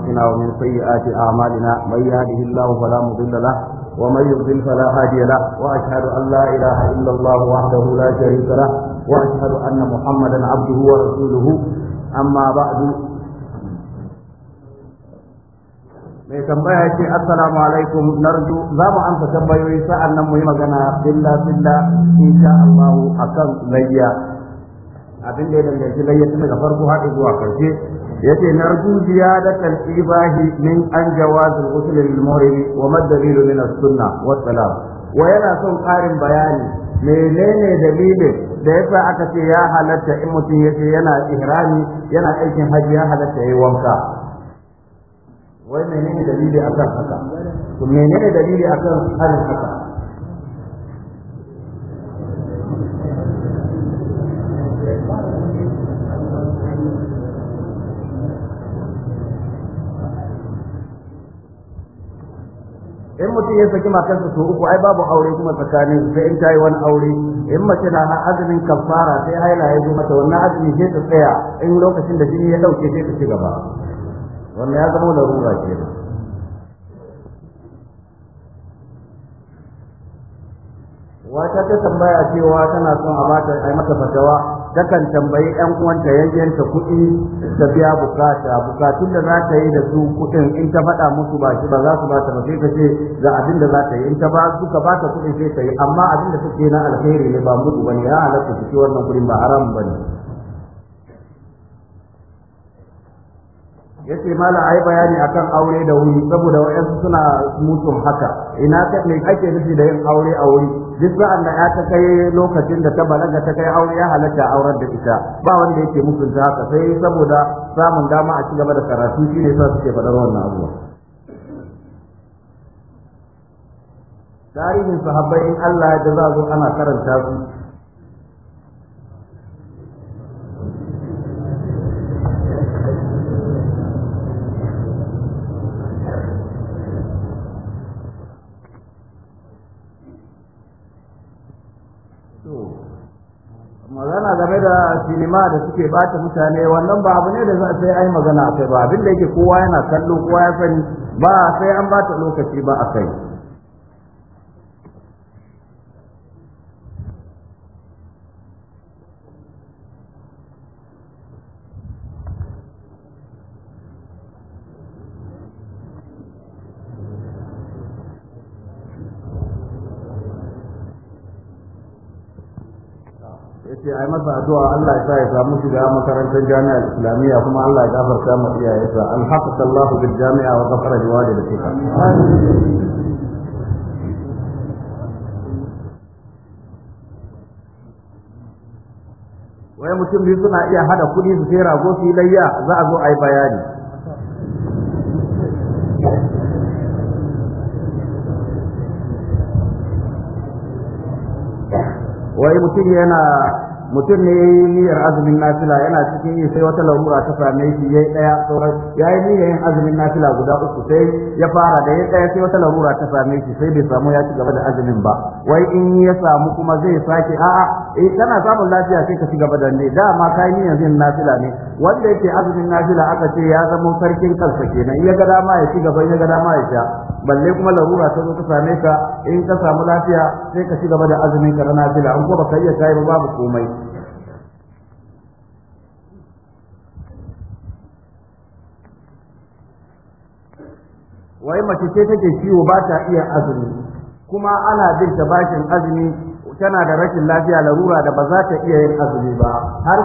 أنفسنا ومن سيئات أعمالنا من يهده الله فلا مضل له ومن يضلل فلا هادي له وأشهد أن لا إله إلا الله وحده لا شريك له وأشهد أن محمدا عبده ورسوله أما بعد mai tambaya ce assalamu alaikum narju za mu amsa tambayoyi sa'an nan mu yi magana billa billa insha Allah akan layya abin da ya danganci layya tun daga farko har zuwa karshe yace نرجو زيادة الإباه من min an الغسل للمورد وما الدليل من wa والسلام وينا as قارن بياني wa yana son ƙarin bayani menene dalilin da yasa aka ce ya halatta in mutum ya ce yana ihrami yana aikin hajji ya halatta wanka wai menene dalili akan haka menene dalili akan harin haka in mutum ya saki matarsa su uku ai babu aure kuma tsakanin sai in tayi wani aure in mace na azumin kafara sai haila ya zo mata wannan azumi sai ta tsaya in lokacin da jini ya dauke sai ta ci gaba wannan ya zama ke kenan wata ta tambaya cewa tana son a bata ai mata fatawa takan tambayi yan uwanta yayyanta kuɗi ta biya bukata bukatun da za ta yi da su kuɗin in ta faɗa musu ba shi ba za su ba ta ba sai ka ce ga abin da za ta yi in ta ba suka ka ba ta kuɗin sai ta yi amma abin da take na alheri ne ba mutu bane ya halatta ki wannan kuɗin ba haram bane ya yace malam ai bayani akan aure da wuri saboda wayansu suna mutum haka ina ka ne ake nufi da yin aure a wuri duk sa'an da ya ta kai lokacin da ta balaga ta kai aure ya halatta auren da ita ba wanda yake mutunta haka sai saboda samun dama a ci gaba da karatu shine sa suke faɗar wannan abuwa tarihin sahabbai in Allah ya za zo ana karanta su sinima da suke bata mutane wannan ba abu ne da za a sai ai magana a kai ba abin da yake kowa yana kallo kowa ya sani ba sai an bata lokaci ba a kai ce ai masa addu'a Allah ya sa ya samu shiga makarantar jami'a islamiyya kuma Allah ya gafarta masa iyayensa alhaqqa Allahu bil jami'a wa ghafara liwalidayka wai mutum biyu suna iya hada kuɗi su sai rago su layya za a zo a yi bayani wai mutum yana mutum ne ya yi niyyar azumin nafila yana cikin yi sai wata lamura ta same shi yayi daya sauran yayi niyyar yin azumin nafila guda uku sai ya fara da ya ɗaya sai wata lamura ta same shi sai bai samu ya ci gaba da azumin ba wai in ya samu kuma zai sake a'a eh kana samun lafiya sai ka ci gaba da ne dama yi niyyar yin nafila ne wanda yake azumin nafila aka ce ya zama sarkin kansa kenan ya ga dama ya ci gaba ya ga dama ya sha balle kuma larura ta zo ta same ka in ka samu lafiya sai ka ci gaba da azumin ka rana fila an ko ka iya kai ba babu komai wai mace ce take ciwo ba ta iya azumi kuma ana bin ta bashin azumi tana da rashin lafiya larura da ba za ta iya yin azumi ba har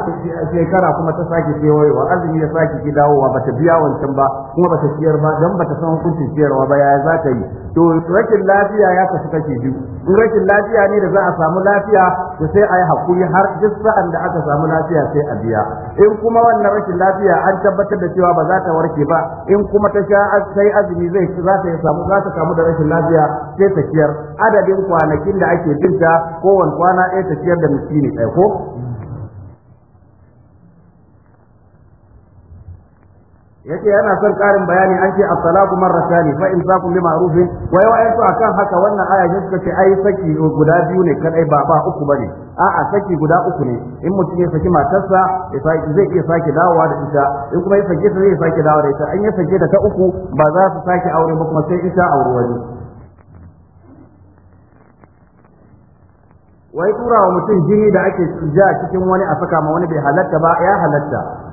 shekara kuma ta sake kewayewa azumi ya sake ki dawowa ba ta biya wancan ba kuma ba ta ciyar ba don ba ta san hukuncin ciyarwa ba yaya za ta yi to rashin lafiya ya kasu kashe biyu in rashin lafiya ne da za a samu lafiya to sai a yi hakuri har duk sa'an da aka samu lafiya sai a biya in kuma wannan rashin lafiya an tabbatar da cewa ba za ta warke ba in kuma ta sha sai azumi zai za ta samu za ta samu da rashin lafiya sai ta ciyar adadin kwanakin da ake binta kowane kwana ɗaya ta ciyar da miskini ɗaya ko yake yana son karin bayani an ce as-salatu marratani fa in imsakun bi ma'rufin wa yawa akan haka wannan aya ne suka ce ai saki guda biyu ne kadai ba ba uku bane a'a saki guda uku ne in mutum ya saki matarsa zai iya sake dawowa da ita in kuma ya sake ta zai sake dawowa da ita an ya sake da ta uku ba za su sake aure ba kuma sai ita aure wani wai tura wa mutum jini da ake ja cikin wani a saka ma wani bai halatta ba ya halatta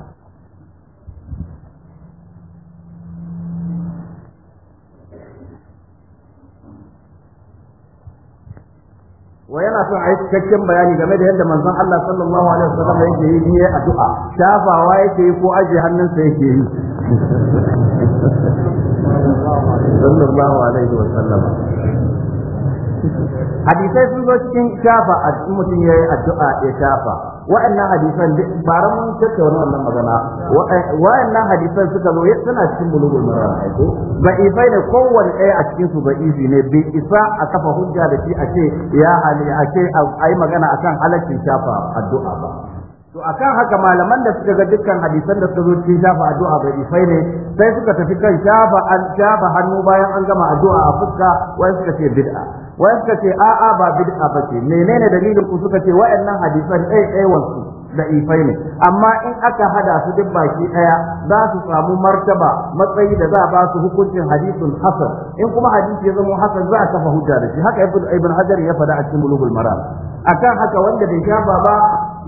wa yana son a yi cikakken bayani game da yadda manzon Allah sallallahu alaihi wasallam yake yi ne addu'a shafawa yake yi ko aje hannunsa yake yi sallallahu alaihi wasallam hadisai sun zo cikin shafa a mutum ya addu'a ya shafa wa'annan hadisan bara mun tattauna wannan magana wa'annan hadisan suka zo suna cikin bulugul maram aiko da'ifai ne kowanne ɗaya a cikin su izi ne bai isa a kafa hujja da shi a ce ya hali a ce a yi magana akan halaccin shafa addu'a ba to akan haka malaman da suka ga dukkan hadisan da suka zo cikin shafa addu'a bai ifai ne sai suka tafi kan shafa shafa hannu bayan an gama addu'a a fuska wai suka ce bid'a wai suka ce a'a ba bid'a bace menene dalilin ku suka ce wa'annan hadisan ɗai ɗai wasu da ifai ne amma in aka hada su duk baki ɗaya za su samu martaba matsayi da za a ba su hukuncin hadisin hasan in kuma hadisi ya zama hasan za a kafa hujja da shi haka ibn hajar ya faɗa a cikin bulugul maram akan haka wanda bai shafa ba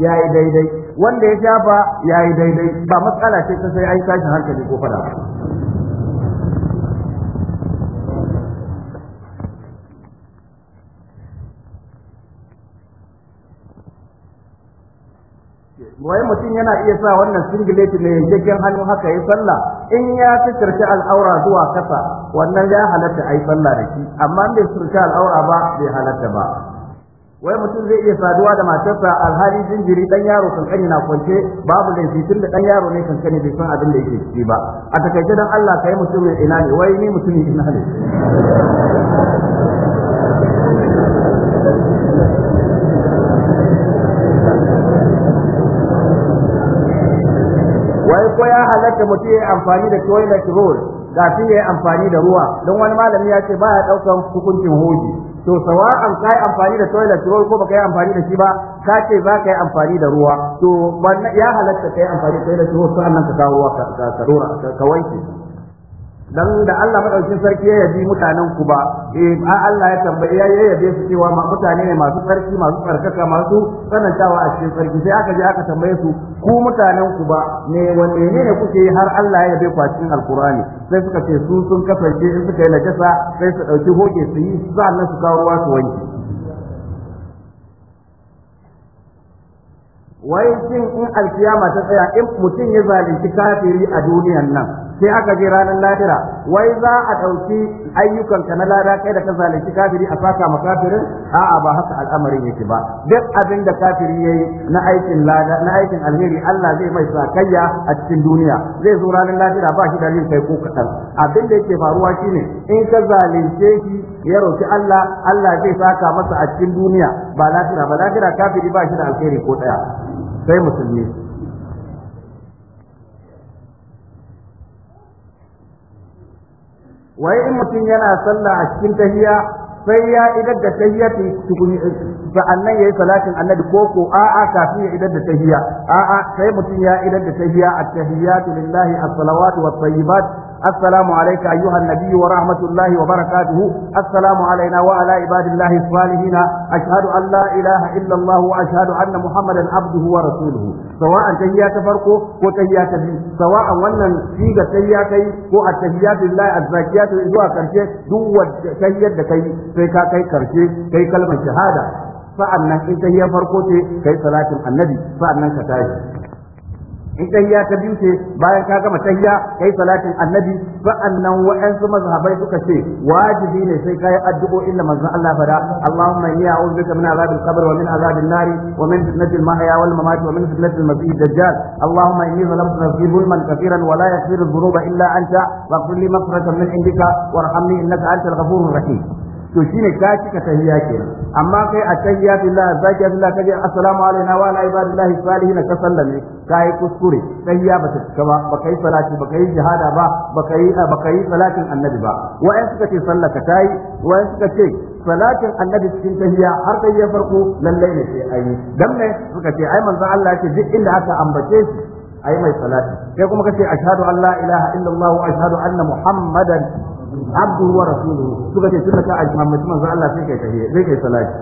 yayi daidai wanda ya shafa yayi daidai ba matsala ce ta sai ai tashin hankali ko fada wai mutum yana iya sa wannan singileti mai yankin hannu haka ya sallah in ya fi karshe al'aura zuwa kasa wannan ya halatta a yi sallah da shi amma in bai karshe al'aura ba bai halatta ba wai mutum zai iya saduwa da matarsa alhali jinjiri ɗan yaro kankani na kwance babu laifi tun da ɗan yaro ne kankani bai san abin da yake ciki ba a takaice dan Allah kai mutumin ina ne wai ni mutumin ina ne ko ya halarta mutum ya amfani da toilet roll kafin ya yi amfani da ruwa don wani malami ya ce ya ɗaukar hukuncin hoji to an ka yi amfani da toilet roll ko ka yi amfani da shi ba ka ce za ka yi amfani da ruwa to ya halatta ka yi amfani da toilet roll sa'annan ka kawo ruwa ka wanke dan da Allah madaukin sarki ya yabi mutanen ku ba eh Allah ya tambaye ya yabe su cewa mutane ne masu sarki masu tsarkaka masu sanantawa a cikin sarki sai aka je aka tambaye su ku mutanen ku ba ne wanne ne kuke yi har Allah ya yabe ku a cikin alkurani sai suka ce su sun kasance in suka yi najasa sai su dauki hoke su yi sannan su kawo ruwa su wanke wai cin in alkiyama ta tsaya in mutum ya zalunci kafiri a duniyan nan sai aka je ranar lahira wai za a ɗauki ayyukanka na lada kai da ka zalunci kafiri a saka ma kafirin a'a ba haka al'amarin yake ba duk abin da kafiri yayi na aikin lada na aikin alheri Allah zai mai sakayya a cikin duniya zai zo ranar lahira ba shi da kai ko kaɗan abin da yake faruwa shine in ka zalunce shi ya roki Allah Allah zai saka masa a cikin duniya ba lahira ba lahira kafiri ba shi da alheri ko ɗaya sai musulmi wai in mutum yana sallah a cikin tahiya sai ya idar da tahiya tukuni sa'annan yayi salatin annabi ko ko a'a kafin ya idar da tahiya a'a sai mutum ya idar da tahiya at-tahiyatu lillahi as-salawatu wat-tayyibat السلام عليك أيها النبي ورحمة الله وبركاته السلام علينا وعلى عباد الله الصالحين أشهد أن لا إله إلا الله وأشهد أن محمدا عبده ورسوله سواء تهيات فرقه وتهيات بي سواء ولن فيك تهياتي هو التهيات لله الزاكيات إذوا كرشي دو تهيات كي فيكا كي كرشي كي كلمة شهادة sa'annan in tahiyar farko ce kai salatin annabi sa'annan ka tashi in ya ta biyu ce bayan ka gama tahiyya kai salatin annabi sa'annan wa'ansu mazhabai suka ce wajibi ne sai kai addu'o'in da manzon Allah fada Allahumma inni a'udhu bika min azabil qabr wa min azabil nar wa min fitnatil mahya wal mamat wa min fitnatil masiih dajjal Allahumma inni zalamtu nafsi zulman kathiran wa la yaghfiru dhunuba illa anta faghfir li maghfiratan min indika warhamni innaka antal ghafurur rahim to shine ka cika tahiyya kenan amma kai a tahiyya billah zakiya billah kaje assalamu alaina wa ala ibadillahi salihin ka sallame kai kuskure tahiyya bata cika ba baka yi salati baka yi jihada ba ba yi yi salatin annabi ba wa'an suka ce sallaka tayi wa'an suka ce salatin annabi cikin tahiyya har ya farko lallai ne sai ayi dan ne suka ce ai manzon Allah ya ce duk inda aka ambace shi ai mai salati sai kuma kace ashhadu an la ilaha illallah wa ashhadu anna muhammadan abdu wa rasuluhu suka ce tunda ta a Muhammad manzo Allah sai kai tafiye sai kai salati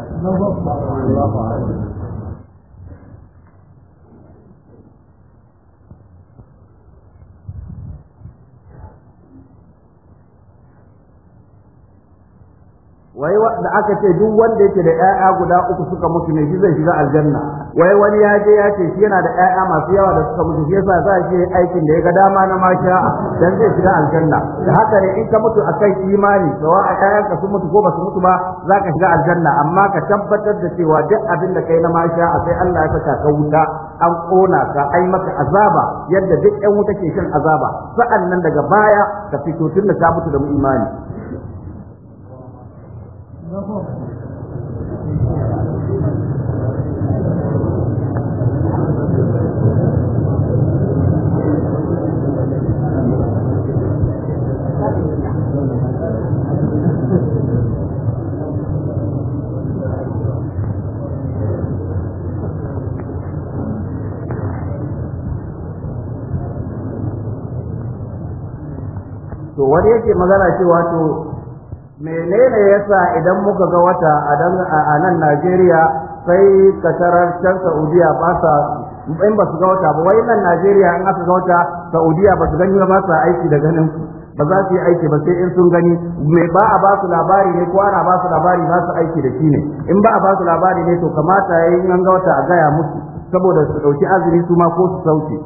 wai da aka ce duk wanda yake da ƴaƴa guda uku suka mutu ne shi zai shiga aljanna wai wani ya je ya ce shi yana da ƴaƴa masu yawa da suka mutu shi yasa za shi aikin da ya ga dama na masha dan zai shiga aljanna da haka ne in ka mutu akan imani sawa a ƴaƴan ka su mutu ko ba su mutu ba za ka shiga aljanna amma ka tabbatar da cewa duk abin da kai na masha a sai Allah ya saka ka wuta an kona ka ai maka azaba yadda duk ƴan wuta ke shan azaba sa'an nan daga baya ka fito tun da ka mutu da imani wani yake magana cewa to menene yasa idan muka ga wata a nan Najeriya sai kasarar can Saudiya ba sa in ba su ga wata ba wai nan Najeriya in aka ga wata Saudiya ba su gani ba sa aiki da ganin ba za su yi aiki ba sai in sun gani Me ba a ba su labari ne ko ana ba su labari ba su aiki da shi ne in ba a ba su labari ne to kamata yayin an ga wata a gaya musu saboda su dauki azumi su ma ko su sauke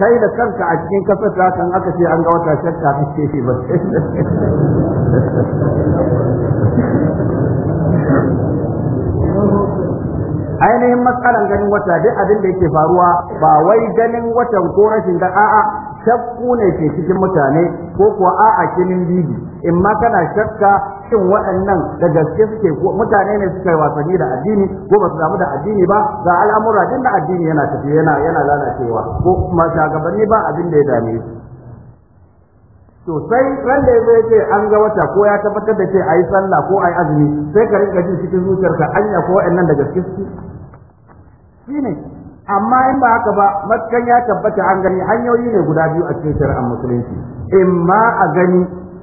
kai da kanka a cikin kasar ta kan aka ce an ga wata shakka ta shi ba ainihin matsalan ganin wata duk abin da yake faruwa ba wai ganin watan ko rashin da a'a shakku ne ke cikin mutane ko kuwa a'a kinin bibi in ma kana shakka shin waɗannan da gaske suke mutane ne suke yi wasanni da addini ko ba su damu da addini ba ga al'amura din da addini yana tafiya yana yana lalacewa ko kuma shagabanni ba abin da ya dame su to sai ran da yazo yace an ga wata ko ya tabbatar da ce ayi sallah ko ayi azumi sai ka rinka jin cikin zuciyarka anya ko wa'annan daga gaske su shine amma in ba haka ba matkan ya tabbata an gani hanyoyi ne guda biyu a cikin shari'ar musulunci in ma a gani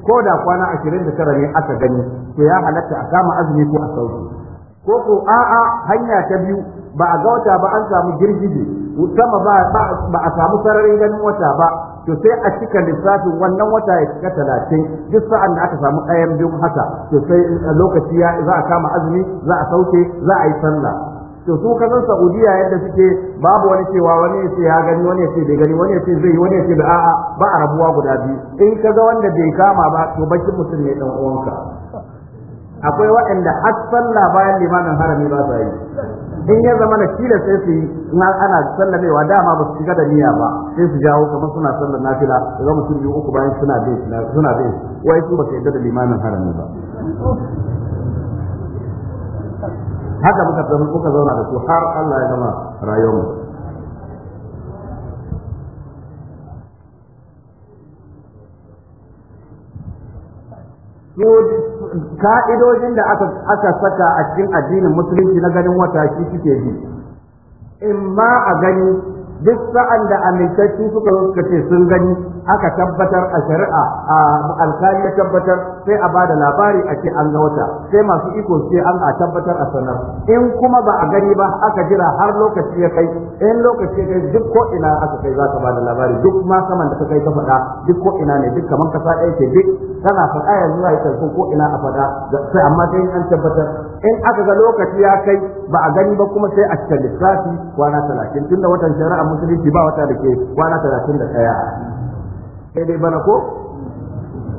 ko da kwana ashirin da tara ne aka gani to ya halatta a kama azumi ko a sauki ko ko a'a hanya ta biyu ba a ga wata ba an samu girgije sama ba a samu sararin ganin wata ba to sai a cika lissafin wannan wata ya cika talatin duk sa'an da aka samu ɗayan biyu haka to sai lokaci ya za a kama azumi za a sauke za a yi sallah to su kazan saudiya yadda suke babu wani cewa wani ya ce ya gani wani ya ce bai gani wani ya ce zai wani ya ce ba a'a ba a rabuwa guda biyu in ka ga wanda bai kama ba to bakin mutum ne dan uwanka akwai waɗanda har sallah bayan limamin harami ba su yi in ya zama na kila sai su yi na ana sallamewa dama ba su shiga da niyya ba sai su jawo kamar suna sallar nafila da zama su biyu uku bayan suna bin suna bin wai su ba su yadda da limamin harami ba haka muka muka zauna da su har Allah ya gama rayuwarmu ka'idojin da aka saka a cikin addinin musulunci na ganin wata shi suke bi in ma a gani duk sa'an da amintacci suka zo suka ce sun gani aka tabbatar a shari'a a alkali ya tabbatar sai a bada labari a ce an ga wata sai masu iko sai an a tabbatar a sanar in kuma ba a gani ba aka jira har lokaci ya kai in lokaci ya kai duk ko ina aka kai za ka bada labari duk ma saman da ka kai ka faɗa duk ko ina ne duk kamar ka ɗaya ce duk kana faɗa yanzu za yi ko ina a faɗa sai amma sai an tabbatar in aka ga lokaci ya kai ba a gani ba kuma sai a cikin lissafi kwana talatin tunda watan shari'a musulunci ba wata da ke kwana talatin da ɗaya sai dai bana ko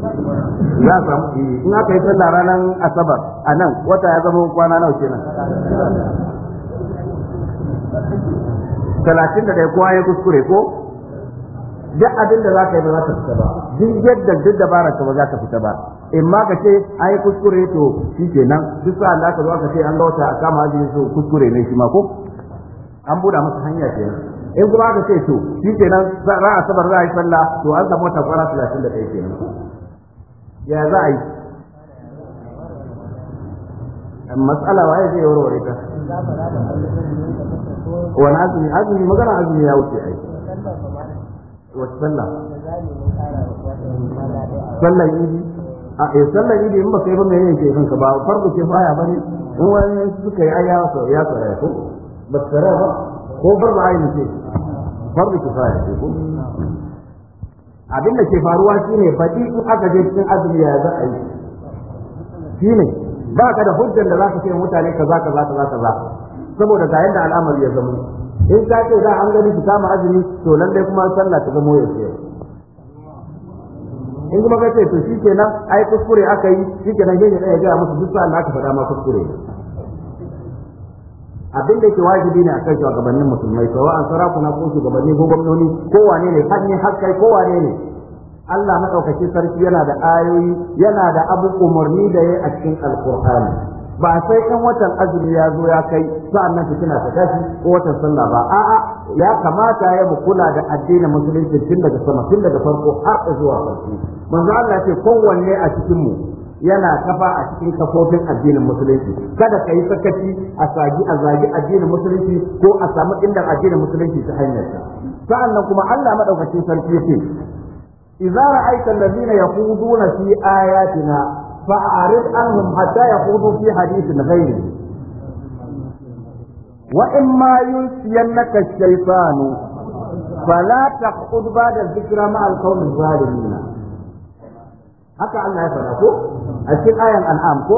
za samu eh, in aka yi sallah ranar asabar a nan wata ya zama kwana nawa kenan talatin da ɗaya kowa ya kuskure ko duk abin da za ka yi ba za ka fita ba duk yadda duk ba ka ba za ka fita ba in ma ka ce yi kuskure to shi kenan duk sa da ka zo aka ce an ga wata a kama ajiye su kuskure ne shi ma ko an buɗa masa hanya kenan in kuma aka ce to shi kenan a sabar za a yi sallah to an samu wata kwana talatin da ɗaya kenan ya za a yi matsala waye zai warware ta wani azumi azumi magana azumi ya wuce ai wata sallah sallah idi a eh sallah idi in ba yi ba mai ne ke kanka ba farko ke faya bane in wani suka yi ayyawa ya ya ko ba tsara ba ko fardu ayin ce fardu kifaya ce ko abin da ke faruwa shine baɗi in aka je cikin azumi ya za a yi shine ba ka da hujjar da za ka ce mutane kaza kaza kaza kaza saboda ga yadda al'amari ya zama in ka ce za an gani su kama azumi to nan dai kuma sallah ta zamo ya in kuma ka ce to shi kenan ai kuskure aka yi shi kenan shi ne ya gaya musu duk sa'an da aka faɗa ma kuskure abin da ke wajibi ne a kan shugabannin musulmai to an sarakuna ko shugabanni ko gwamnoni ko wane ne har ne har ko wane ne Allah ɗaukaki sarki yana da ayoyi yana da abu umarni da yayi a cikin alqur'ani ba sai ɗan watan azumi ya zo ya kai sa'annan su kina ta tashi ko watan sallah ba a'a ya kamata ya kula da addinin musulunci tun daga sama tun daga farko har zuwa farko manzo Allah ce kowanne a cikin mu yana kafa a cikin kafofin addinin musulunci kada ka yi sakaci a sagi a zagi addinin musulunci ko a samu inda addinin musulunci ta hanyar sa'annan kuma Allah madaukakin sarki yake idza ra'aita allazina yaquduna fi ayatina fa'arid anhum hatta yaqudu fi hadithin ghayri wa imma yunsiyannaka ash-shaytanu fala taqud ba'da dhikra ma'al qawmi adh haka Allah ya faɗa ko a cikin ayan an'am ko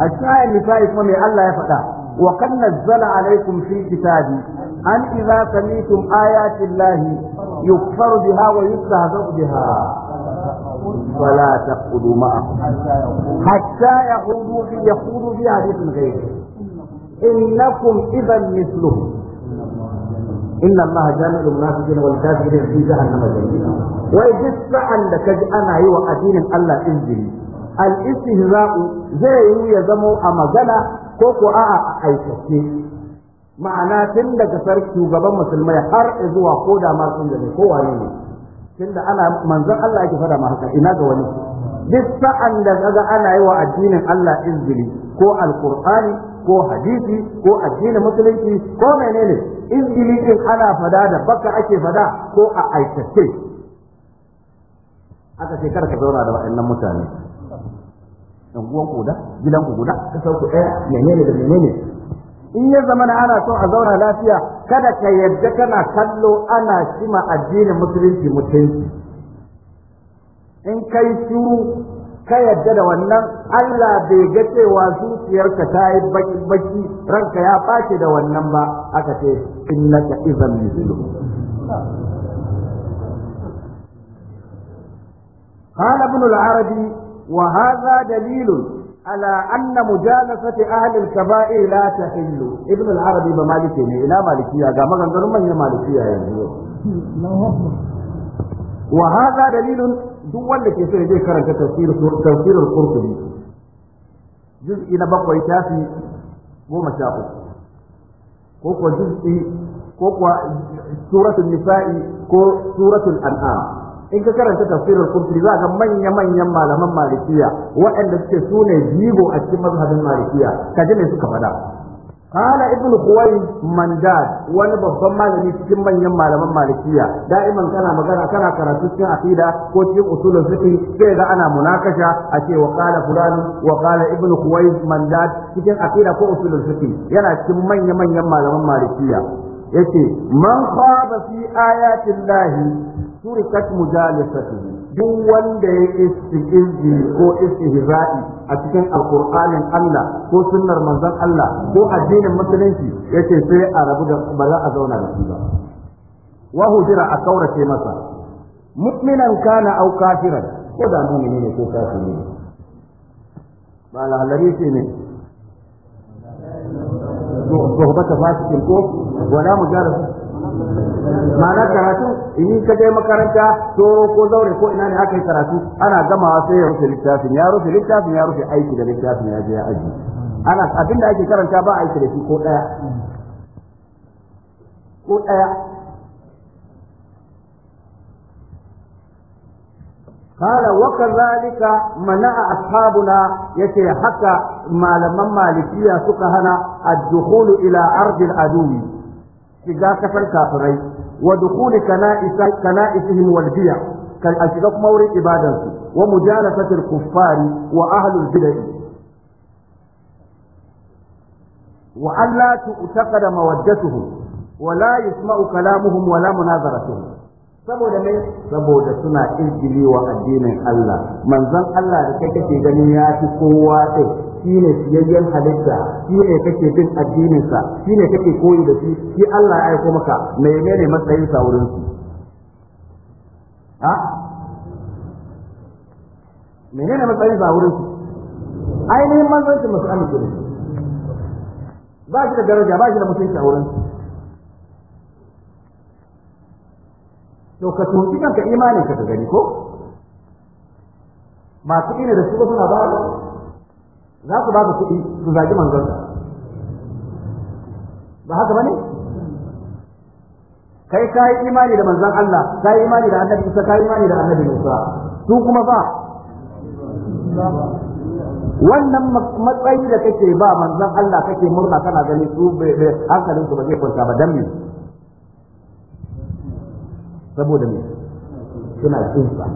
a cikin ayan nisa'i kuma me Allah ya faɗa wa kan nazzala alaikum fi kitabi an idza samitum ayati llahi yukfar biha wa yustahza'u biha wala taqulu ma hatta yahudu في يخوضوا في حديث غيره إنكم إذا مثلهم inna allaha jami'ul munafiqina wal kafirin fi jahannama jami'a wai duk sa'an da kaji ana yi wa addinin Allah izini al istihza'u zai yi ya zamo a magana ko ko a'a a aikace ma'ana tun daga sarki shugaban musulmai har zuwa ko da ma sun ne ko wane ne Tun da ana manzon Allah yake fada ma haka ina ga wani duk sa'an da kaga ana yi wa addinin Allah izini ko alqur'ani ko hadisi ko addinin musulunci ko menene izgili ana fada da baka ake fada ko a aikace aka ce kar ka zauna da wa'annan mutane unguwan ku guda gidan ku guda ka sauku ɗaya menene da menene in ya zama na ana son a zauna lafiya kada ka yadda kana kallo ana shima addinin musulunci mutunci in kai shiru ka yadda da wannan Allah bai ga cewa zuciyarka ta yi baki baki ranka ya face da wannan ba aka ce innaka idan mithlu قال ابن العربي وهذا دليل على أن مجالسة arabi ba لا تحل ابن العربي بمالكي ga مالكية قام من هي مالكية وهذا دليل duk wanda ke sai zai karanta tafsir tafsirin qurtubi juz'i na bakwai tafi goma sha uku ko kuwa juz'i ko kuwa suratul nisa'i ko suratul an'am in ka karanta tafsirin kurkuri za ka manya manyan malaman malikiya waɗanda suke sune jigo a cikin mazhabin malikiya kaje ne suka faɗa قال ابن خوي Mandad wani babban malami cikin manyan malaman malikiya da'iman kana magana kana karatu cikin aqida ko cikin usulul fiqh sai ga ana munakasha a ce wa qala fulan wa qala ibn khuwai mandad cikin aqida ko usulul fiqh yana cikin manyan manyan malaman malikiya yace man khaba fi ayati llahi turikat mujalasatuhu duk wanda ya istihzi ko istihza'i a cikin alqur'anin Allah ko sunnar manzon Allah ko addinin musulunci yace sai a rabu da ba a zauna da su ba Wahu jira a kaurace masa mutminan kana au kafiran ko da mu'mini ne ko kafiri ne ba lalari ce ne ko فاسق mu مجالسة ma'ana karatu in ka je makaranta to ko zaure ko ina ne aka yi karatu ana gamawa sai ya rufe littafin ya rufe littafin ya rufe aiki da littafin ya je ya aji ana abinda ake karanta ba aiki da shi ko daya ko daya kazalika وكذلك ashabuna yace haka malaman malikiya suka hana ad-dukhulu ila ardil العدو shiga kasar kafirai wa dukuli kana'isa kana'isihim wal biya kan a shiga kuma wurin ibadansu wa mujalasatil kuffari wa ahlul bid'ah mawaddatuhum wa la yasma'u kalamuhum wa la munazaratuhum saboda mai saboda suna izgili wa addinin Allah manzon Allah da kake gani ya fi kowa sai shi ne siyayyen halitta shi ne kake bin addininsa shi ne kake koyi da shi shi Allah ya aiko maka ne matsayin sa wurin su ha ne matsayin sa wurin su ainihin manzancin masu amince ne ba shi da daraja ba shi da mutunci a wurin su to ka tunci kanka imani ka gani ko masu ina da su ba suna ba za ku ba su kuɗi su zagi manzon ba haka bane kai ka yi imani da manzon Allah ka yi imani da annabi Isa ka yi imani da annabi Musa su kuma ba wannan matsayi da kake ba manzon Allah kake murna kana gani su hankalin su ba zai kwanta ba dan me saboda me suna kinsa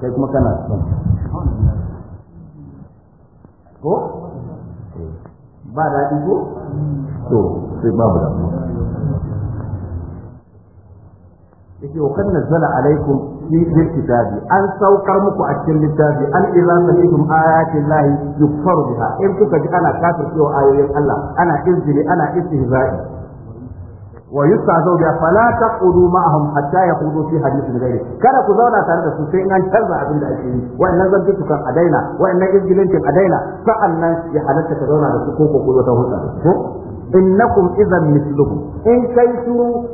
kai kuma kana son ba daɗi ko to sai babu damuwa yake wa kan nazzala alaikum fi kitabi an saukar muku a cikin littafi an iza sami'tum ayatin lahi yukfaru biha in kuka ji ana kafircewa ayoyin Allah ana izini ana istihza'i ويستعذوا بها فلا تقعدوا معهم حتى يقودوا في حديث غيره كان كزونا تارد سوسين أن ترضى عبد الأشياء وإن نزلتك كان أدينا وإن إذجلنك أدينا فأنا يحدثك كزونا لسكوك وقلوة وهدى إنكم إذا مثلهم إن كيسوا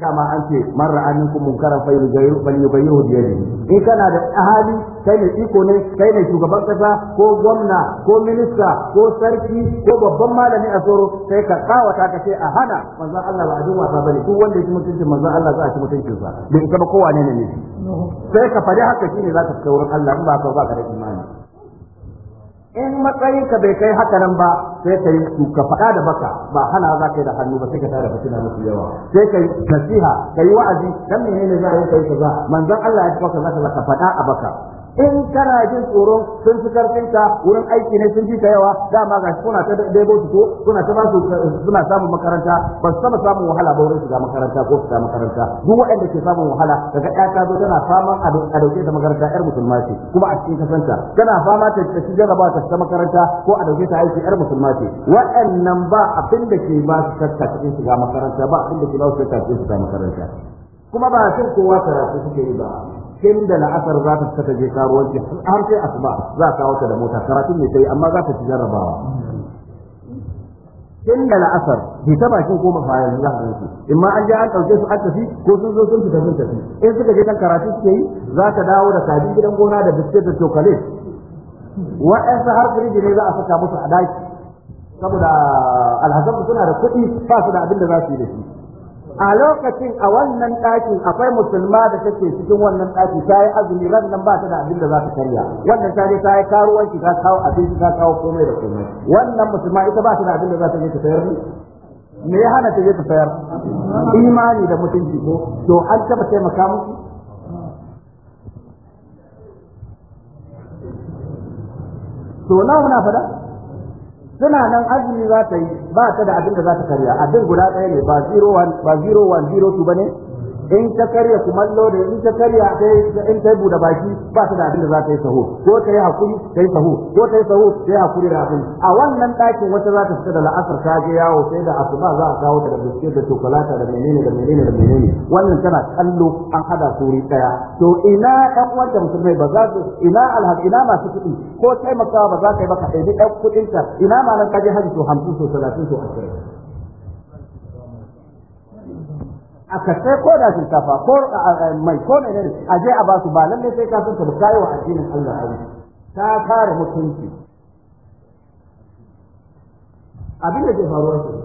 dama an ce man ra'a minkum munkaran fa yughayyiru fa yughayyiru bi in kana da ahali kai ne iko ne kai ne shugaban kasa ko gwamna ko minista ko sarki ko babban malami a tsoro sai ka kawata ka ce a hana manzon Allah ba abin wasa bane duk wanda ya mutunci manzon Allah za a ci mutuncin sa bai ka kowa kowane ne ne sai ka fadi haka shine za ka kai wurin Allah in ba ka ba ka da imani in matsayin ka bai kai haka nan ba sai ka yi ka faɗa da baka ba hana za ka yi da hannu ba sai ka tara fitina mafi yawa sai ka yi nasiha ka yi wa'azi dan menene za a yi kai za manzon Allah ya ce maka za ka faɗa a baka in kana jin tsoro sun fi karfin ka wurin aiki ne sun fi ka yawa dama ga kuna ta daibo su ko kuna ta basu suna samun makaranta ba su sama samun wahala ba wurin shiga makaranta ko shiga makaranta duk waɗanda ke samun wahala daga ɗaya ta zo tana faman a dauke ta makaranta yar musulma ce kuma a cikin kasanta tana fama ta ci ba ta ta makaranta ko a dauke ta aiki yar musulma ce waɗannan ba abin da ke ba su shakka cikin shiga makaranta ba abin da ke ba su cikin shiga makaranta kuma ba a kowa karatu suke yi ba tun da la'asar za ta ta je karuwanci har sai asuba za a kawo ta da mota karatun ne ta amma za ta ci jarrabawa tun da la'asar bai ta bakin koma bayan za su rufe in ma an ja an ɗauke su an tafi ko sun zo sun fita sun tafi in suka je kan karatu suke yi za ta dawo da kaji gidan gona da biskit da cokali. wa'ansu har firiji ne za a saka musu a daki saboda alhazan suna da kuɗi ba su da abin da za su yi da shi a lokacin a wannan ɗakin akwai musulma da take cikin wannan ɗaki ta yi azumi ran nan ba ta da abin da za ta karya wannan ta je ta yi karuwanci ta kawo abinci ta kawo komai da komai wannan musulma ita ba ta da abin da za ta je ta sayar me ya hana ta je ta sayar imani da mutunci ko to an taba taimaka musu to na muna fada suna nan azumi za ta yi ba ta da abin da za ta karya abin guda ɗaya ne ba 01 ba 01 02 bane in ta karya kumallo da in ta karya sai in ta bude baki ba ta da abin da za ta yi sahu, ko ta yi hakuri ta yi sahu, ko ta yi sahu ta yi hakuri da abin a wannan ɗakin wata za ta fita da la'asar ta je yawo sai da asuba za a kawo ta da biskit da cokalata da menene da menene da menene wannan tana kallo an hada suri ɗaya to ina ɗan wanda musulmai ba za su ina alhaji ina masu kuɗi ko taimakawa ba za ka yi ba ka ɗaiɗi ɗan kuɗinka ina ma nan ka je hajji to hamsin to talatin to ashirin a sai ko da shinkafa ko mai ko ne a je a basu ba lalle sai ka san da wa addinin Allah aure ta kare mutunci abin da ke faruwa shi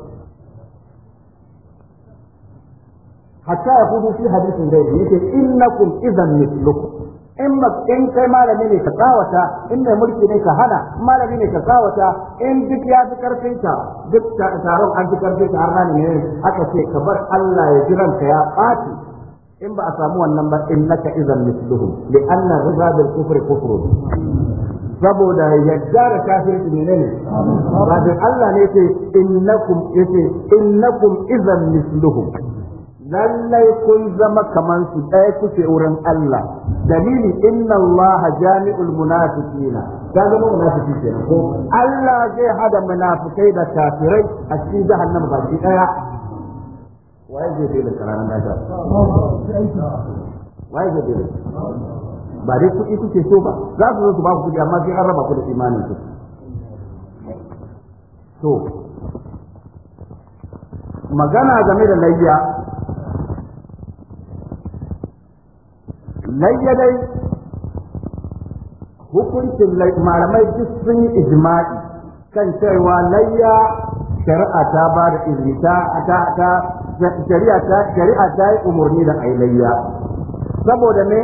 hatta ya kudu fi hadisin da yake innakum idan mithlukum in in kai malami ne ka tsawata in mai mulki ne ka hana malami ne ka tsawata in duk ya fi karfin ta, duk taron an fi karfin ta har ne aka ce ka bar Allah ya jiran ka ya ɓaci in ba a samu wannan ba innaka idan misluhum li anna riba bil kufri saboda yadda da kafirci ne, ba Allah ne yace innakum yace innakum izan misluhu. lallai kun zama kaman su ɗaya kuke wurin Allah dalili inna Allah jami'ul munafiqina ka zama munafiki kenan ko Allah zai hada munafikai da kafirai a cikin jahannama baki ɗaya waye zai bi da karanan daga waye zai bi ba dai kuɗi kuke so ba za su zo su ba ku kuɗi amma sai an raba ku da imanin ku to magana game da layya layya dai hukuncin malamai duk sun yi ijma'i kan cewa layya shari'a ta ba da izini ta ta shari'a ta shari'a ta yi umarni da ai layya saboda me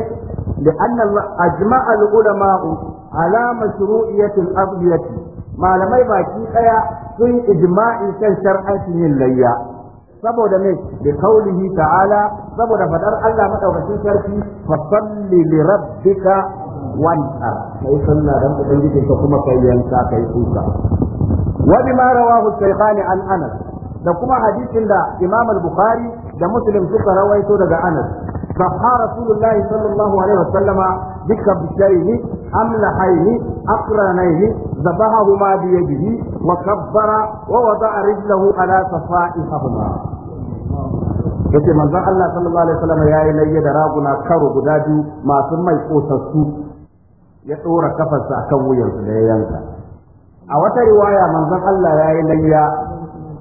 لأن أجمع العلماء على مشروعية الأضحية malamai baki ɗaya sun yi ijma'i kan shar'ancin yin layya saboda me da kaulihi ta'ala saboda fadar Allah madaukakin sarki fa salli li rabbika wanhar kai sallah dan ubangiji ka kuma kai yanka kai kuka wa bima rawahu shaykhani an anas da kuma hadisin da Imam al-Bukhari da muslim suka rawaito daga anas صحى رسول الله صلى الله عليه وسلم بكبشين أملحين أقرنين ذبحهما بيده وكبر ووضع رجله على صفائحهما yace manzon Allah sallallahu alaihi wasallam yayi layya da raguna karo guda biyu masu mai kosassu ya dora kafarsa akan wuyansu da ya yanka a wata riwaya manzon Allah yayi layya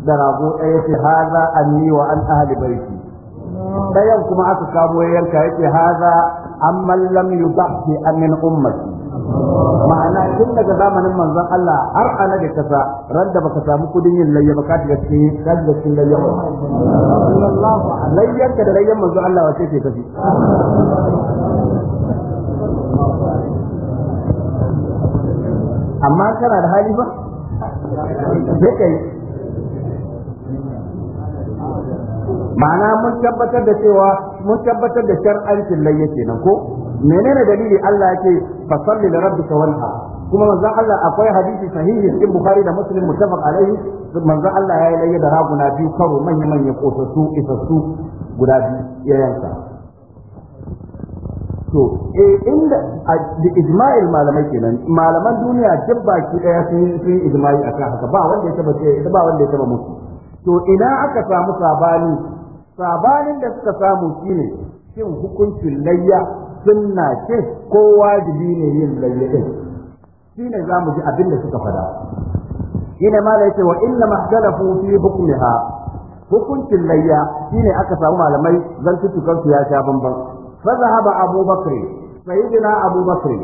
da rago ɗaya ce haza anni wa an ahli baiti ɗayan kuma aka kamo yanka yace haza an amman lam yudhi min ummati ma'ana tun daga zamanin manzon Allah har ana da kasa ran da baka samu kudin yin layya ba ka shiga cikin kan da cikin layya ba sallallahu alaihi wa da layyan manzon Allah wace ce kafi. amma kana da hali ba sai kai ma'ana mun tabbatar da cewa mun tabbatar da shar'ancin yake kenan ko menene dalili Allah yake fa salli li rabbika wanha kuma manzo Allah akwai hadisi sahihi cikin Bukhari da Muslim mutafaq alaihi manzo Allah ya yi layya da raguna biyu karo manya manya kosassu isassu guda biyu ya yanka to eh, inda da ijma'il malamai kenan malaman duniya duk baki daya sun yi ijma'i akan haka ba wanda ya taba ba wanda ya taba musu to ina aka samu sabani sabanin da suka samu shine shin hukuncin layya sunna ce ko wajibi ne yin layya ne shine zamu ji abin da suka fada shine ma da yake wa inna mahtalafu fi hukmiha hukuncin layya shine aka samu malamai zantutukan su ya sha bamban fa zahaba abubakar sayyidina abubakar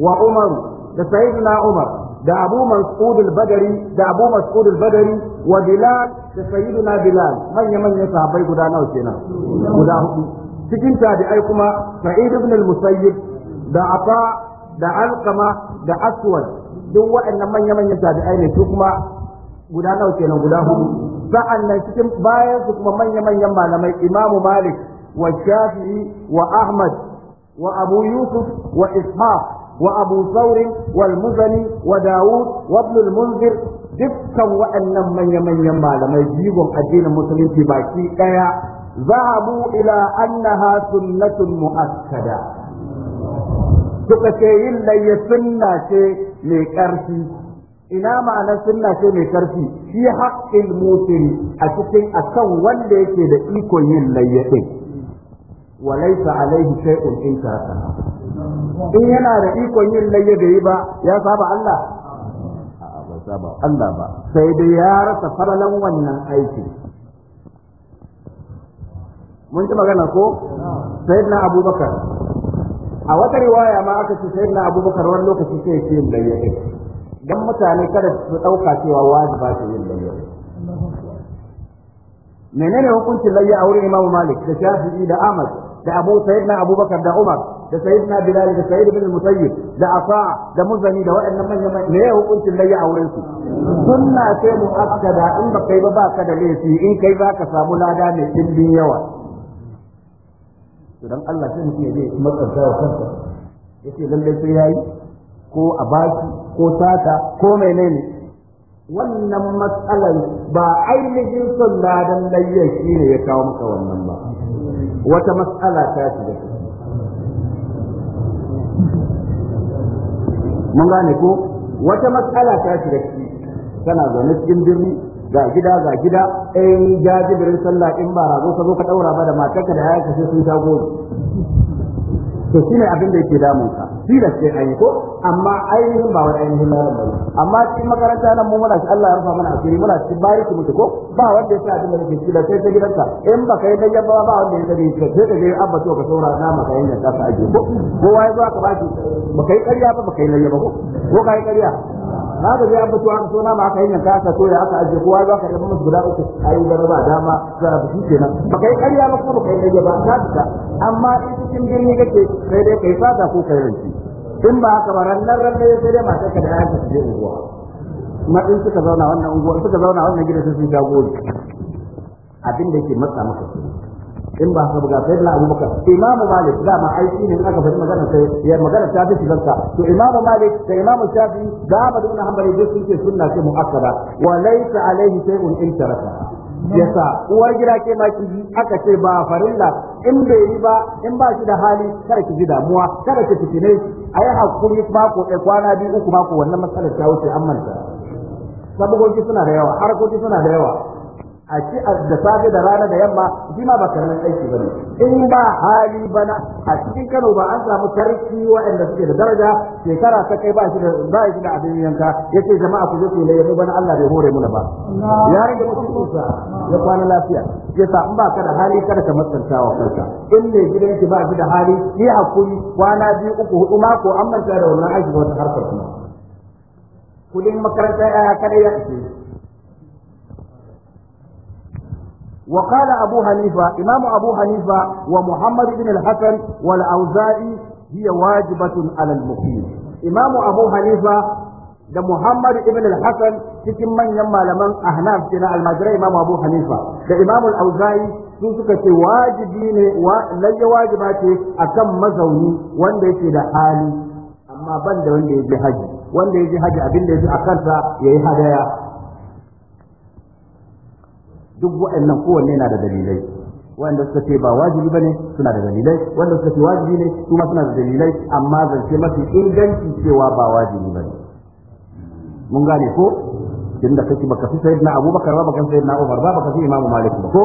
wa umar da sayyidina umar da abu mas'ud al-badari da abu mas'ud al-badari wa bilal da sayyiduna bilal manya manya sahabbai guda nawa kenan guda hudu cikin tabi'ai kuma sa'id ibn al-musayyib da ata da alqama da aswad duk waɗannan manya manyan tabi'ai ne su kuma guda nawa kenan guda hudu sa'an nan cikin bayan su kuma manya manyan malamai imamu malik wa shafi'i wa ahmad wa abu yusuf wa ishaq وأبو ثور والمزني وداود وابن المنذر دكا وأن من يمن يما لما يجيبهم الدين المسلم في باكي ذهبوا إلى أنها سنة مؤكدة yin لي سنة mai ƙarfi ina ma'anar sunna ce mai ƙarfi shi haƙƙin mutiri a cikin akan wanda yake da ikon yin layyaɗin wa laisa alaihi shai'un in taraka in yana da ikon yin layya da yi ba ya saba Allah ba saba Allah ba sai dai ya rasa faralan wannan aiki mun ci magana ko sayyidina abubakar a wata riwaya ma aka ce sayyidina abubakar wani lokaci sai ya ce yin layya dan mutane kada su dauka cewa wani ba su yin layya menene hukuncin layya a wurin imamu malik da shafi'i da ahmad da abu sayyidina abubakar da umar da sayyidina bilal da sayyid ibn musayyib da afa da muzani da waɗannan manyan me ya hukuncin da ya wurin su sunna sai mu akada in ba kai ba baka da laifi in kai ba ka samu lada mai dimbin yawa to dan Allah sai mutum ya je matsanta wa kansa yace lalle sai yayi ko a baki ko sata ko menene wannan matsalar ba ainihin son ladan layyar shi ne ya kawo maka wannan ba wata matsala ta shiga mun gane ko wata matsala ta shiga ciki tana zaune cikin birni ga gida ga gida eh, in jajibirin sallah in ba razo ka zo ka daura ba da matarka da yayanka sai sun sha to shine abin da yake damun ka da sai ayi ko amma ainihin ba wani ainihin lalan ba amma cikin makaranta nan mu muna shi Allah ya rufa mana asiri muna shi bari ki mutu ko ba wanda ya sa abin da yake tilas sai ta gidanka in baka kai dai yabba ba wanda ya sani shi sai ka je abba to ka saura na maka yin ka aje ko ko wai zo ka baki ba yi ƙarya ba baka yi layya ba ko ko ka yi ƙarya na gaji zai fito aka so na ma aka yanka aka soya aka aje kowa za ka rabu musu guda uku ayi da raba dama za ka shi ba baka yi ƙarya ba kuma baka yi ɗaya ba ka fita amma in cikin birni kake sai dai kai fata ko kai rance in ba haka ba rannan rannan sai dai masu ka da yayanka su je unguwa kuma in suka zauna wannan unguwa suka zauna wannan gidan sun fi gori abin da yake matsa maka kenan in ba ka buga sai na maka imamu malik ma aiki ne aka fadi magana sai ya magana ta fi shigarsa to imamu malik da imamu shafi da ba da wannan duk sun ce sunna ce muakkada wa laysa alaihi shay'un in taraka yasa uwar gida ke ma ki aka ce ba farilla in bai yi ba in ba shi da hali kada ki ji damuwa kada ki fitine a yi hakuri mako ɗaya kwana biyu uku mako wannan matsalar ta wuce an manta suna da yawa harkoki suna da yawa a ci da safe da rana da yamma shi ma ba karamin aiki bane in ba hali bana a cikin Kano ba an samu tarki waɗanda suke da daraja shekara ta kai ba shi da ba shi da abin yanka yace jama'a ku je ku ne yabo bana Allah bai hore muna ba ya rage sa ya kwana lafiya yasa in ba ka da hali kada ka matsanta wa kanka in ne ki ba shi da hali yi hakuri kwana biyu uku hudu mako an manta da wannan aiki ba wata harkar kuma kudin makarantar ya kada ya ce وقال أبو حنيفة إمام أبو حنيفة ومحمد بن الحسن والأوزاعي هي واجبة على المقيم إمام أبو حنيفة da Muhammad ibn al-Hasan cikin manyan malaman Ahnaf na almajirai Imam Abu Hanifa da Imam al-Auza'i su suka ce wajibi ne wa lalle wajiba ce akan mazauni wanda yake da hali amma ban da wanda ya haji wanda ya je haji abin da yake a kansa yayi hadaya duk waɗannan kowanne na da dalilai wanda suka ce ba wajibi ba ne suna da dalilai wanda suka ce wajibi ne su ma suna da dalilai amma zance mafi inganci cewa ba wajibi ba ne. mun gane ko tun da kake baka fi sayyidina abubakar ba baka fi sayyidina umar ba baka fi imamu malik ba ko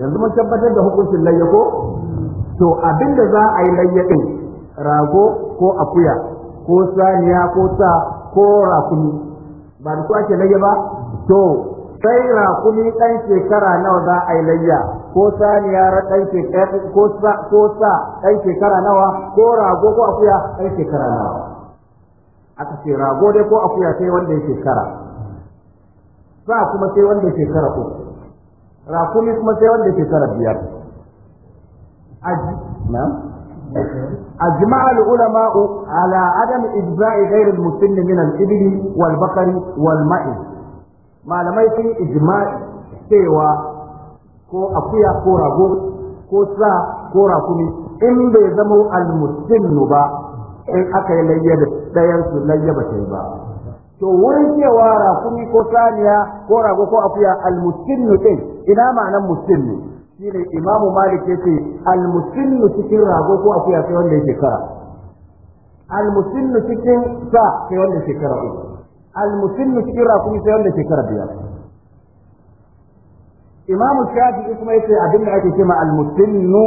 yanzu mun tabbatar da hukuncin layya ko to abinda za a yi layya din rago ko akuya ko saniya ko sa ko rakumi ba da su ake layya ba to sai rakumi ɗan shekara nawa za a yi layya ko saniya ɗan shekara ko ko sa ɗan shekara nawa ko rago ko akuya ɗan shekara nawa aka ce rago dai ko akuya sai wanda ya shekara sa kuma sai wanda ya shekara uku rakumi kuma sai wanda ya shekara biyar aji na'am أجمع العلماء على عدم إجزاء غير المسن من الإبل والبقر والماء ما لم يكن إجماع ko akuya ko rago ko sa ko rakumi in bai zama almusinnu ba in aka yi layya da ɗayan su layya ba to wurin cewa rakumi ko saniya ko rago ko akuya almusinnu ɗin ina ma'anan musinnu shine imamu malik yace almusinnu cikin rago ko akuya sai wanda yake kara al almusinnu cikin sa sai wanda yake kara uku almusinnu cikin rago sai wanda yake kara biyar imamu shafi'i kuma yace abin da ake cewa almusinnu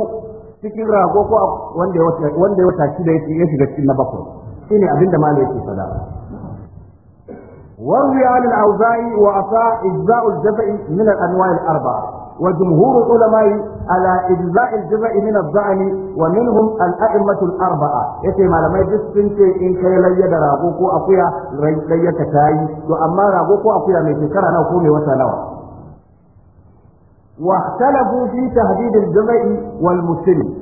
cikin rago ko wanda wanda ya wata shi da ya shiga cikin na bakwai shine abin da malik yake fada وروي عن الأوزاعي وعطاء إجزاء الجزء من الأنواع الأربعة وجمهور العلماء على إجزاء الجزء من الزعم ومنهم الأئمة الأربعة يتي ما لما يجس سنتي إن كي لي دراغوكو أقويا لي تكاي وأما راغوكو أقويا ميتكرا نوكومي وسنوى واختلفوا في تهديد الجزء والمسلم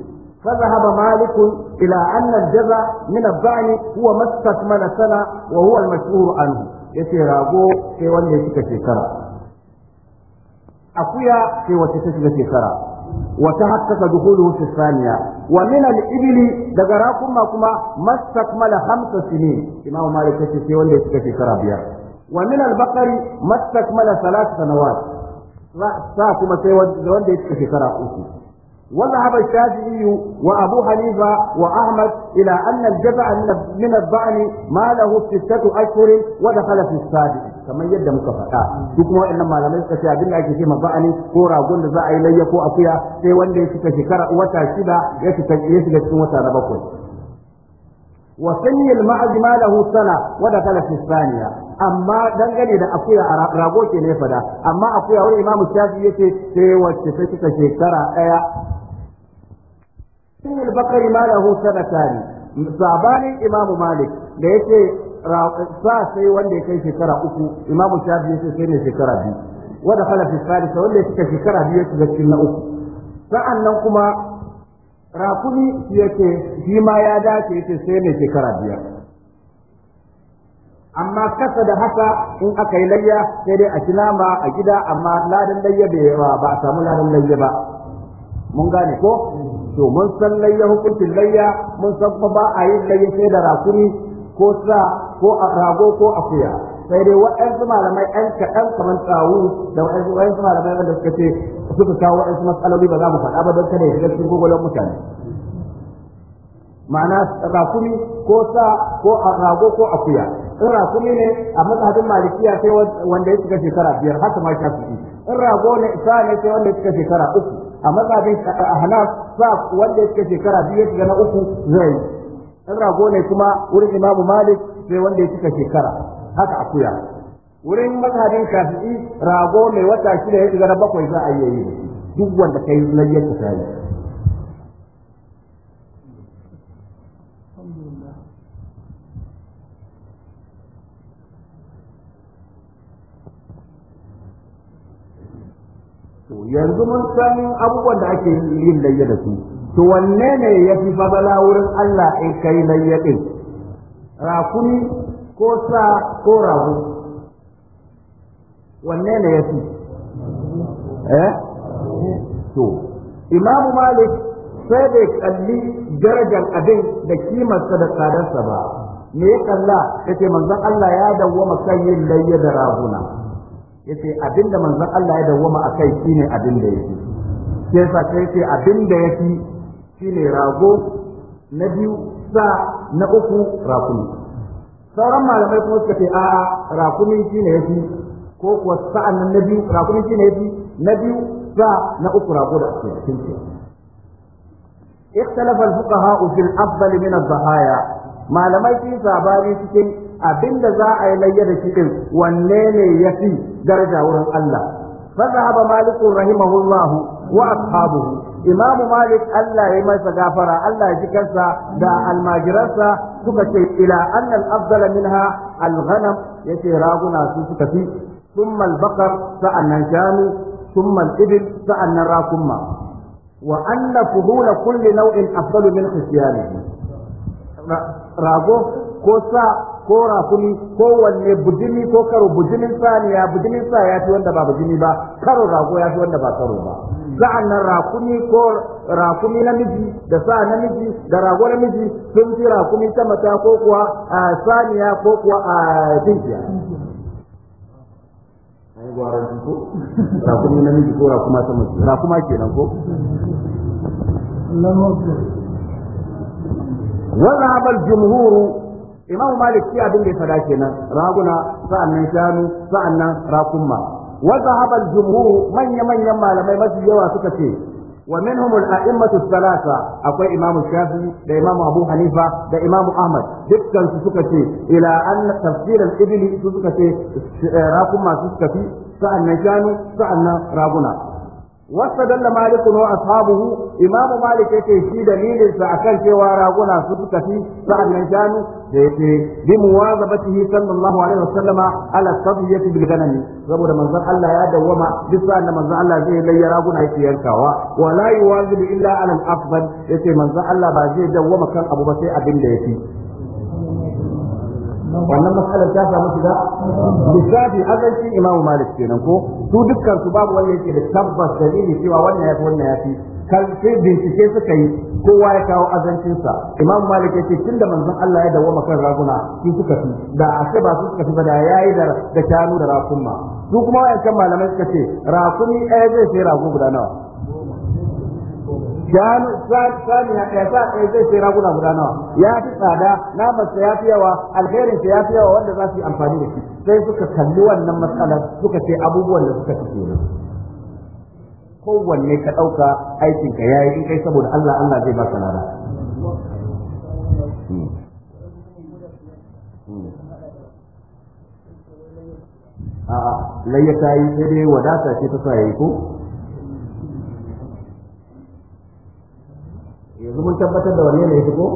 فذهب مالك إلى أن الجزء من الظعن هو ما استكمل سنة وهو المشهور عنه يتي راغو كي ولي تكشكرا akuya sai wacce ta shiga shekara wata hakkaka dukulu fi saniya wa min al-ibli daga raƙuma kuma mastakmala hamsa sinin imam malik yace sai wanda ya shiga shekara biyar wa min al-baqari mastakmala thalath sa kuma sai wanda ya shiga shekara uku وذهب الشافعي وأبو حنيفة وأحمد إلى أن الجزع من الضأن ما له ستة أشهر ودخل في السابع كما يد مكفأة كما إنما لم يسكت أبن أجي في مضأن كورا قل زع إلي كو أقيا في وند يسكت شكرا وتشبع يسكت كما تنبقوا وسني المعز ما له سنة ودخل في الثانية amma dangane da akuya a rago ke ne fada amma akuya wani imamu shafi yake sai wacce ta cika shekara daya sun bakari ma lahu sanatani sabanin imamu malik da yake sa sai wanda ya kai shekara uku imamu shafi yake sai ne shekara biyu wanda kala fi salisa wanda ya cika shekara biyu ya cikin na uku sa'annan kuma rakumi yake shi ma ya dace yake sai ne shekara biyar amma kasa da haka in aka yi layya sai dai a ba a gida amma ladan layya bai ba a samu ladan layya ba mun gane ko to mun san layya hukuncin layya mun san kuma ba a yi layya sai da rakuri ko sa ko a rago ko akuya sai dai waɗansu malamai ka kaɗan kamar tsawu da waɗansu malamai wanda suka ce suka kawo waɗansu matsaloli ba za mu faɗa ba don kada ya shiga cikin gogolon mutane ma'ana rakuri ko sa ko a rago ko akuya in rasuli ne a mazhabin malikiya sai wanda ya cika shekara biyar haka ma shafi in rago ne sa ne sai wanda ya cika shekara uku a mazhabin ahnaf sa wanda ya cika shekara biyu ya shiga na uku zai in rago ne kuma wurin imamu malik sai wanda ya cika shekara haka akuya wurin mazhabin shafi'i rago mai wata shida ya shiga na bakwai za a yi duk wanda kai layyar ta yi yanzu mun san abubuwan da ake yin layya da su to wanne ne ya fi fadala wurin Allah in kai layya din rakumi ko sa ko rahu, wanne ne ya fi eh to Imam Malik sai bai kalli darajar abin da kimarsa da tsadarsa ba me ya kalla kace manzon Allah ya dawo kan yin layya da raguna yace abinda manzon Allah ya dawwama akai shine abinda yake sai sa sai yace abinda yake shine rago na biyu sa na uku rakumi sauran malamai kuma suka ce a'a rakumin shine yafi ko kuwa sa'an nan na biyu rakumin shine yafi na biyu sa na uku rago da ake cikin اختلف الفقهاء في الأفضل من الضحايا malamai sun sabani cikin abinda za a yi layya da shi ɗin, wanne ne yafi daraja wurin Allah فذهب مالك رحمه الله واصحابه imamu malik Allah ya masa gafara Allah ya ji kansa da almajiransa suka ce ila anna al minha al-ghanam yace raguna su suka fi thumma al-baqar sa'annan shanu thumma al-ibil sa'annan rakumma wa anna fuhula kulli naw'in afdalu min rago ko sa ko rafuni ko wanne bujimi ko karo bujimin saniya bujimin sa ya fi wanda ba bujimi ba karo rago ya fi wanda ba karo ba za'an nan rakumi ko rakumi namiji da sa namiji da rago namiji sun fi rakumi ta mata ko kuwa a saniya ko kuwa a tinkiya ai gwaran rakumi namiji ko rakuma ta mace rakuma kenan ko imamu malik shi abin da ya fada kenan raguna sa'annan shanu sa'annan rakumma wa zahaba al-jumhur manya manyan malamai masu yawa suka ce wa minhum al-a'immatu thalatha akwai imam shafi da imam abu hanifa da imam ahmad dukkan su suka ce ila anna tafsir al-ibli su suka ce rakumma su suka fi sa'annan shanu sa'annan raguna واستدل مالك واصحابه امام Malik yake shi dalilin sa akan cewa raguna su suka fi sa'annan shanu da yake bi muwazabatihi sallallahu alaihi wasallama ala sabiyati bil ganami saboda manzon Allah ya dawwama duk sa'an da manzon Allah zai layya raguna yake yankawa wa la yuwazibu illa ala al afdal ce, manzon Allah ba zai dawwama kan abu ba sai abin da yake wannan matsalar ta samu shiga lissafi azanci imamu malik kenan ko su dukkan su babu wanda yake da tabbas dalili cewa wannan ya fi, wannan ya yafi karfe bincike suka yi kowa ya kawo azancinsa imamu malik tun da manzon Allah ya dawo kan raguna su suka fi da ashe ba su suka fi ba da ya yi da shanu da rakunma su kuma wayancan malamai suka ce rakuni ɗaya zai sai rago guda nawa shanu sani ya sa kai zai sai raguna guda nawa ya fi tsada masa ya fi yawa alherin ya fi yawa wanda za su yi amfani da shi sai suka kalli wannan matsalar suka ce abubuwan da suka fi kowanne ka ɗauka aikin ya yi in kai saboda Allah Allah zai baka lada. Hmm. Hmm. A'a, layyata yi sai dai wadata ce ta sa yi ko? yanzu mun tabbatar da wanne ne ya ko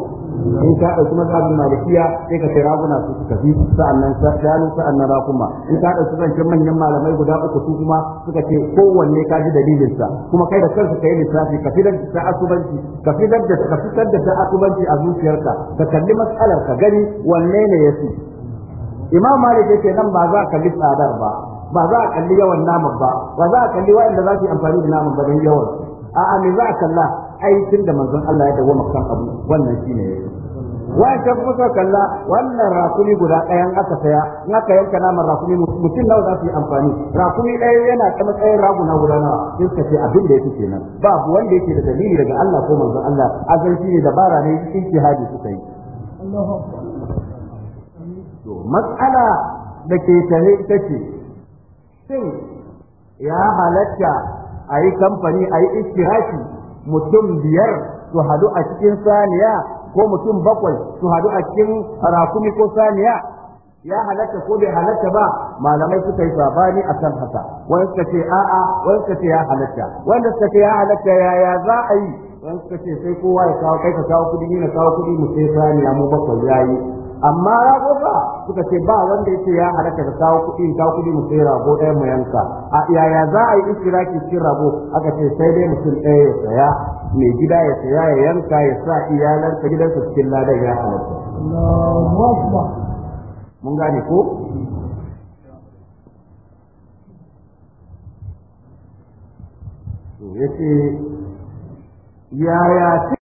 in ka ɗauki mazhabin malikiya sai ka kai raguna su suka fi sa'annan shanu sa'annan rakuma in ka ɗauki zancen manyan malamai guda uku su kuma suka ce kowanne ka ji dalilinsa. kuma kai da kanka lissafi ka fitar da asubanci ka fitar da ka fitar da asubanci a zuciyarka ka kalli matsalar ka gani wanne ne ya fi imam malik yake nan ba za ka kalli tsadar ba ba za a kalli yawan naman ba ba za a kalli waɗanda za su yi amfani da naman ba don yawan a'a me za a kalla tun da manzon Allah ya dawo makan abu wannan shine yayi wancan kuma kalla wannan rakumi guda ɗayan aka saya na ka yanka naman rakumi mutum nawa za su yi amfani rakumi ɗaya yana ta matsayin raguna guda nawa sai ka ce abin da yake kenan babu wanda yake da dalili daga Allah ko manzon Allah azanci ne dabara ne jihadi suka yi to matsala da ke tare ita ce shin ya halatta a yi kamfani a yi mutum biyar su hadu a cikin saniya ko mutum bakwai su hadu a cikin rakumi ko saniya ya halatta ko bai halatta ba malamai suka yi sabani a kan haka wani suka ce a'a wani suka ce ya halatta wanda suka ce ya halatta yaya za a yi wani suka ce sai kowa ya kawo kai ka kawo kudi ni na kawo kudi mu sai saniya mu bakwai yayi amma ya ba suka ce ba wanda ce ya halarta da kawo kuɗi ta kuɗi mu sai rago ɗaya mu yanka a yaya za a yi ke cikin rago aka ce sai dai mutum ɗaya ya saya mai gida ya saya ya yanka ya sa ka gidansa cikin ladan ya halaka mun gane ko yace yaya